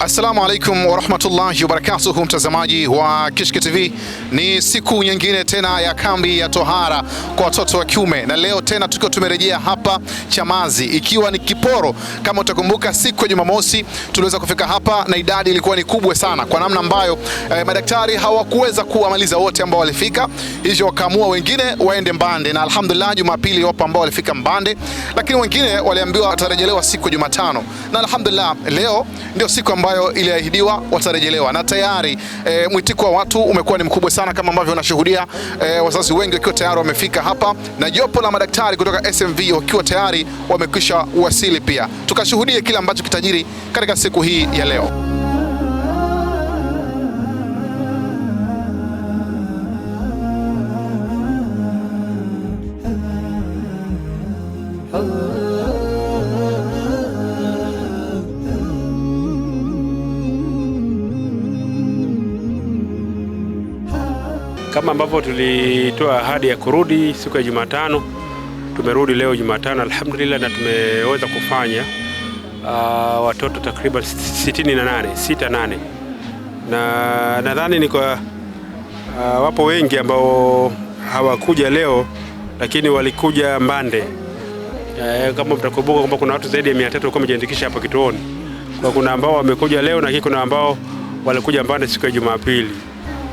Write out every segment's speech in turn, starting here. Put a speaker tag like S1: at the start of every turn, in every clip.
S1: Assalamu alaikum warahmatullahi wabarakatuhu, mtazamaji wa Kishki TV, ni siku nyingine tena ya kambi ya tohara kwa watoto wa kiume, na leo tena tukiwa tumerejea hapa Chamazi ikiwa ni Kiporo. Kama utakumbuka, siku ya Jumamosi tuliweza kufika hapa na idadi ilikuwa ni kubwa sana, kwa namna ambayo eh, madaktari hawakuweza kuwamaliza wote ambao walifika, hivyo wakaamua wengine waende Mbande, na alhamdulillah Jumapili wapo ambao walifika Mbande, lakini wengine waliambiwa watarejelewa siku ya Jumatano, na alhamdulillah leo ndio siku ambayo ambayo iliahidiwa watarejelewa, na tayari e, mwitiko wa watu umekuwa ni mkubwa sana kama ambavyo unashuhudia e, wazazi wengi wakiwa tayari wamefika hapa na jopo la madaktari kutoka SMV wakiwa tayari wamekwisha wasili. Pia tukashuhudie kile ambacho kitajiri katika siku hii ya leo.
S2: Kama ambavyo tulitoa ahadi ya kurudi siku ya Jumatano, tumerudi leo Jumatano alhamdulillah, na tumeweza kufanya uh, watoto takriban 68 nane na nadhani ni kwa uh, wapo wengi ambao hawakuja leo lakini walikuja Mbande. Uh, kama mtakumbuka kwamba kuna watu zaidi ya 300 walikuwa wamejiandikisha hapa kituoni, kwa kuna ambao wamekuja leo, na kuna ambao walikuja Mbande siku ya Jumapili.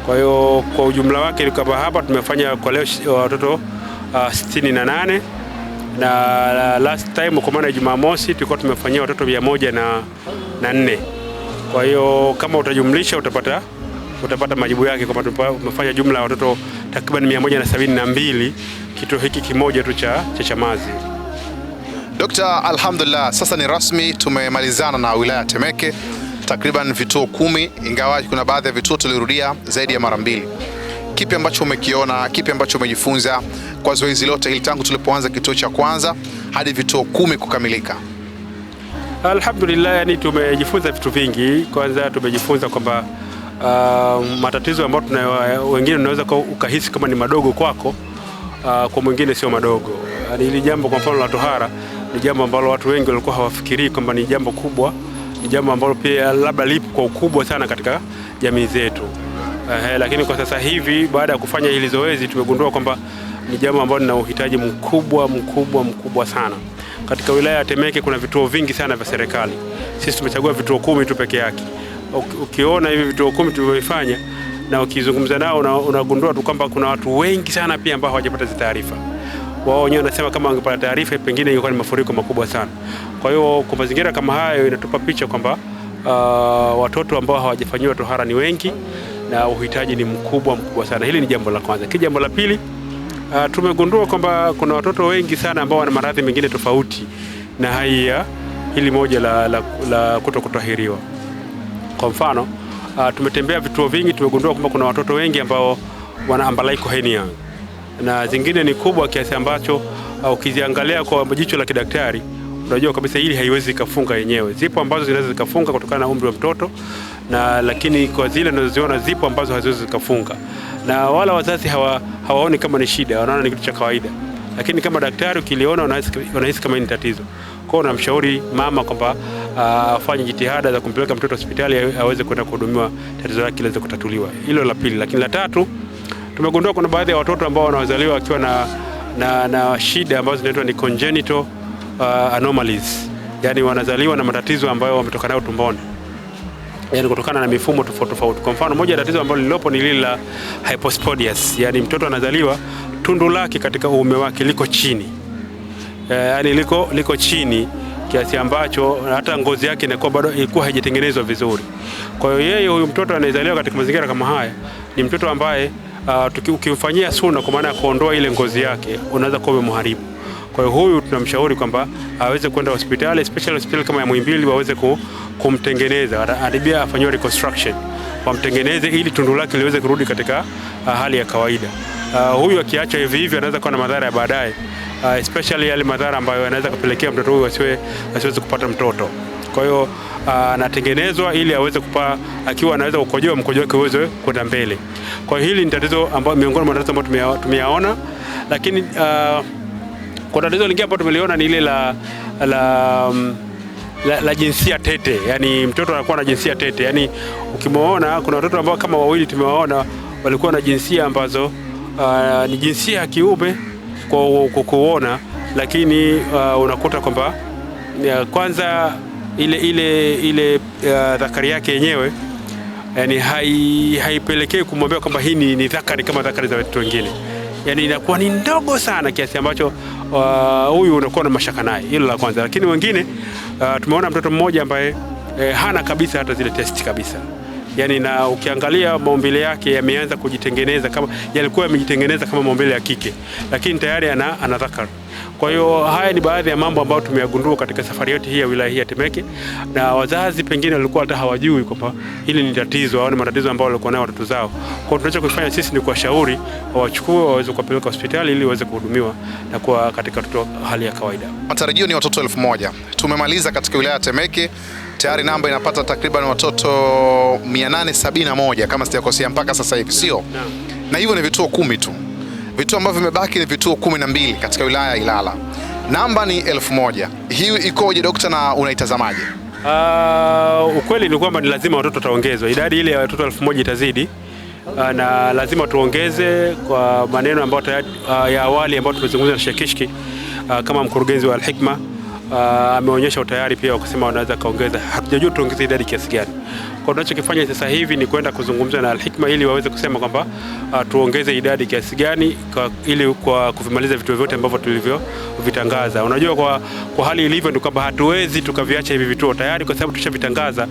S2: Kwa hiyo kwa ujumla wake kama hapa tumefanya kwa leo watoto uh, sitini na nane na last time kwa maana Jumamosi tulikuwa tumefanyia watoto mia moja na, na nne. Kwa hiyo kama utajumlisha utapata utapata majibu yake kwamba tumefanya jumla ya watoto takriban mia moja na sabini na mbili kituo hiki kimoja tu cha Chamazi.
S1: Dokta, alhamdulillah, sasa ni rasmi tumemalizana na wilaya Temeke takriban vituo kumi, ingawa kuna baadhi ya vituo tulirudia zaidi ya mara mbili. Kipi ambacho umekiona? Kipi ambacho umejifunza kwa zoezi lote hili tangu tulipoanza kituo cha kwanza hadi vituo kumi kukamilika?
S2: Alhamdulillah, yani tumejifunza vitu vingi. Kwanza tumejifunza kwamba uh, matatizo ambayo wengine unaweza ukahisi kama ni madogo kwako, uh, kwa mwingine sio madogo. Yaani hili jambo kwa mfano la tohara ni jambo ambalo watu wengi walikuwa hawafikirii kwamba ni jambo kubwa ni jambo ambalo pia labda lipo kwa ukubwa sana katika jamii zetu. Uh, lakini kwa sasa hivi baada ya kufanya hili zoezi tumegundua kwamba ni jambo ambalo lina uhitaji mkubwa mkubwa mkubwa sana. Katika wilaya ya Temeke kuna vituo vingi sana vya serikali. Sisi tumechagua vituo kumi tu peke yake. Ukiona hivi vituo kumi tulivyofanya na ukizungumza nao unagundua tu kwamba kuna watu wengi sana pia ambao hawajapata taarifa wao wenyewe wanasema kama wangepata taarifa pengine ingekuwa ni mafuriko makubwa sana. Kwa hiyo kwa mazingira kama hayo inatupa picha kwamba uh, watoto ambao hawajafanyiwa tohara ni wengi na uhitaji ni mkubwa mkubwa sana. Hili ni jambo la kwanza. Kile jambo la pili, uh, tumegundua kwamba kuna watoto wengi sana ambao wana maradhi mengine tofauti na haya hili moja la, la, la kutokutahiriwa. Kwa mfano uh, tumetembea vituo vingi, tumegundua kwamba kuna watoto wengi ambao wana ambalaiko hernia na zingine ni kubwa kiasi ambacho uh, ukiziangalia kwa jicho la kidaktari unajua kabisa hili haiwezi ikafunga yenyewe. Zipo ambazo zinaweza zikafunga kutokana na umri wa mtoto na, lakini kwa zile unazoziona zipo ambazo haziwezi zikafunga, na wala wazazi hawa, hawaoni kama ni shida, wanaona ni kitu cha kawaida, lakini kama daktari ukiliona unahisi kama ni tatizo. kwao, unamshauri mama kwamba uh, afanye uh, jitihada za kumpeleka mtoto hospitali aweze kwenda kuhudumiwa, tatizo lake liweze kutatuliwa. Hilo la pili, lakini la tatu Tumegundua kuna baadhi ya watoto ambao wanazaliwa wakiwa na, na, na shida ambazo zinaitwa ni congenital uh, anomalies, yani wanazaliwa na matatizo ambayo wametoka nayo tumboni, yani kutokana na mifumo tofauti tofauti. Kwa mfano, moja ya tatizo ambalo lilopo ni lile la hypospadias, yani mtoto anazaliwa tundu lake katika uume wake liko chini eh, yaani liko, liko chini kiasi ambacho hata ngozi yake inakuwa bado ilikuwa haijatengenezwa vizuri. Kwa hiyo yeye huyu mtoto anayezaliwa katika mazingira kama haya ni mtoto ambaye uh, ukimfanyia suna kwa maana ya kuondoa ile ngozi yake unaweza kuwa umemharibu. Kwa hiyo huyu tunamshauri kwamba aweze kwenda hospitali, especially hospitali kama ya Muhimbili waweze kumtengeneza, adibia afanyiwe reconstruction, wamtengeneze ili tundu lake liweze kurudi katika uh, hali ya kawaida. Uh, huyu akiacha hivi hivi anaweza kuwa na madhara ya baadaye, uh, especially yale madhara ambayo anaweza kupelekea mtoto huyu asiweze kupata mtoto. Kwa hiyo ah, anatengenezwa ili aweze kupaa, akiwa anaweza kukojoa, mkojo wake uweze kwenda mbele. Kwa hili ni tatizo ambalo miongoni mwa tatizo ambayo tumeyaona, lakini uh, kwa tatizo lingine ambalo tumeliona ni ile la, la mm, la, la jinsia tete, yani mtoto anakuwa na jinsia tete. Yani ukimwona kuna watoto ambao kama wawili tumewaona walikuwa na jinsia ambazo uh, ni jinsia ya kiume kwa kuona, lakini uh, unakuta kwamba kwanza ile ile ile uh, dhakari yake yenyewe yani haipelekei kumwambia kwamba hii ni, ni dhakari kama dhakari za watu wengine, yani inakuwa ni ndogo sana kiasi ambacho uh, huyu uh, unakuwa na mashaka naye. Hilo la kwanza, lakini wengine uh, tumeona mtoto mmoja ambaye eh, hana kabisa hata zile testi kabisa yani, na ukiangalia maumbile yake yameanza kujitengeneza kama yalikuwa yamejitengeneza kama maumbile ya kike, lakini tayari ana, ana dhakar. Kwa hiyo haya ni baadhi ya mambo ambayo tumeyagundua katika safari yote hii ya wilaya hii ya Temeke, na wazazi pengine walikuwa hata hawajui kwamba hili ni tatizo au ni matatizo ambayo walikuwa nayo watoto zao. Kwa hiyo tunachokifanya sisi ni kuwashauri wawachukue, waweze kuwapeleka hospitali ili waweze kuhudumiwa na kuwa katika watoto hali ya kawaida.
S1: Matarajio ni watoto elfu moja tumemaliza katika wilaya ya Temeke tayari namba inapata takriban watoto 871 kama sijakosea mpaka sasa hivi, sio? Na hivyo ni vituo kumi tu. Vituo ambavyo vimebaki ni vituo kumi na mbili katika wilaya ya Ilala. Namba ni elfu moja. Hii ikoje dokta, na unaitazamaje?
S2: Uh, ukweli ni kwamba ni lazima watoto wataongezwa, idadi ile ya watoto elfu moja itazidi uh, na lazima tuongeze kwa maneno ambayo uh, ya awali ambayo tumezungumza na Shekishki uh, kama mkurugenzi wa Alhikma Uh, ameonyesha utayari pia wakasema wanaweza kaongeza, hatujajua tuongeze idadi kiasi gani. Kwa tunachokifanya sasa hivi ni kwenda kuzungumza na alhikma ili waweze kusema kwamba uh, tuongeze idadi kiasi gani kwa, ili kwa kuvimaliza vituo vyote ambavyo tulivyovitangaza. Unajua kwa, kwa hali ilivyo ni kwamba hatuwezi tukaviacha hivi vituo tayari, kwa sababu tushavitangaza.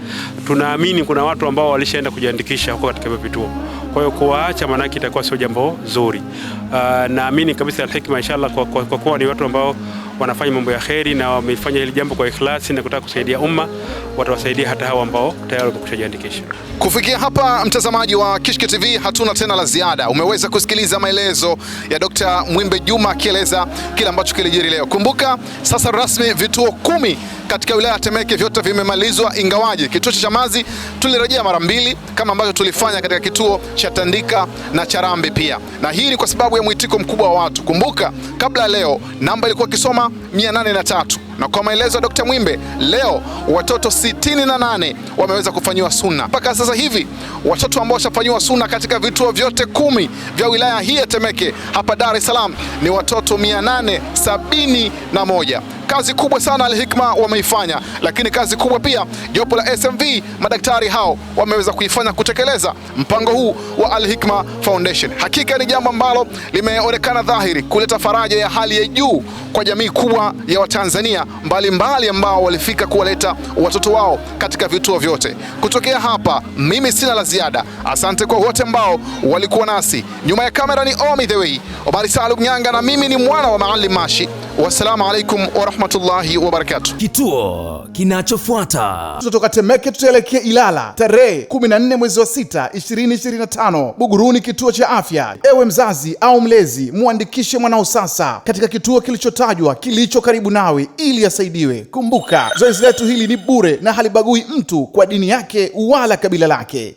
S2: Tunaamini kuna watu ambao walishaenda kujiandikisha huko katika hivyo vituo kwa hiyo kuwaacha, maanake itakuwa sio jambo zuri. Uh, naamini kabisa Alhikma inshallah, kwa, kwa, kwa kuwa ni watu ambao wanafanya mambo ya kheri na wamefanya hili jambo kwa ikhlasi na kutaka kusaidia umma, watawasaidia hata hawa ambao tayari wamekwisha jiandikisha.
S1: Kufikia hapa, mtazamaji wa Kishki TV, hatuna tena la ziada. Umeweza kusikiliza maelezo ya Dr. Mwimbe Juma akieleza kile ambacho kilijiri leo. Kumbuka sasa rasmi vituo kumi katika wilaya ya Temeke vyote vimemalizwa, ingawaje kituo cha Chamazi tulirejea mara mbili kama ambavyo tulifanya katika kituo cha Tandika na Charambe pia, na hii ni kwa sababu ya mwitiko mkubwa wa watu. Kumbuka kabla leo namba ilikuwa ikisoma 803 na kwa maelezo ya Dr. Mwimbe, leo watoto 68 wameweza kufanyiwa suna. Mpaka sasa hivi watoto ambao washafanyiwa suna katika vituo vyote kumi vya wilaya hii ya Temeke hapa Dar es Salaam ni watoto 871. Kazi kubwa sana alhikma hikma wameifanya, lakini kazi kubwa pia jopo la SMV madaktari hao wameweza kuifanya kutekeleza mpango huu wa Al-Hikma Foundation. Hakika ni jambo ambalo limeonekana dhahiri kuleta faraja ya hali ya juu kwa jamii kubwa ya Watanzania mbalimbali ambao walifika kuwaleta watoto wao katika vituo vyote. Kutokea hapa, mimi sina la ziada. Asante kwa wote ambao walikuwa nasi. Nyuma ya kamera ni Omi the way Omari Salum Nyanga, na mimi ni mwana wa Maalim Mashi. Wassalamu alaikum warahmatullahi wabarakatuh. Kituo kinachofuata tutatoka Temeke, tutaelekea Ilala tarehe 14 mwezi wa 6 2025, Buguruni, kituo cha afya. Ewe mzazi au mlezi, mwandikishe mwanao sasa katika kituo kilichotajwa kilicho karibu nawe ili asaidiwe. Kumbuka zoezi letu hili ni bure na halibagui mtu kwa dini yake wala kabila lake.